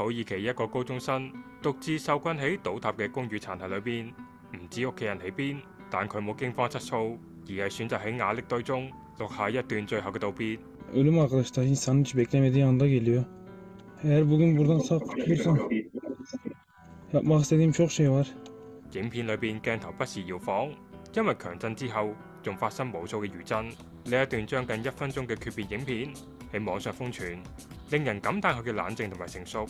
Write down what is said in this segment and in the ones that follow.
土耳其一個高中生獨自受困喺倒塌嘅公寓殘骸裏邊，唔知屋企人喺邊，但佢冇驚慌失措，而係選擇喺瓦礫堆中錄下一段最後嘅道別。 影片裏邊鏡頭不時搖晃，因為強震之後仲發生無數嘅餘震。呢一段將近一分鐘嘅訣別影片。喺網上瘋傳，令人感嘆佢嘅冷靜同埋成熟。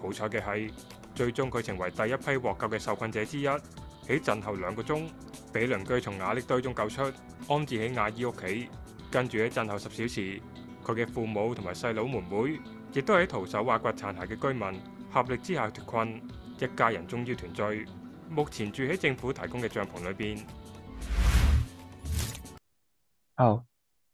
好彩嘅係，最終佢成為第一批獲救嘅受困者之一。喺震後兩個鐘，俾鄰居從瓦礫堆中救出，安置喺阿姨屋企。跟住喺震後十小時，佢嘅父母同埋細佬妹妹，亦都喺徒手挖掘殘骸嘅居民，合力之下脫困，一家人終於團聚。目前住喺政府提供嘅帳篷裏邊。好、oh.。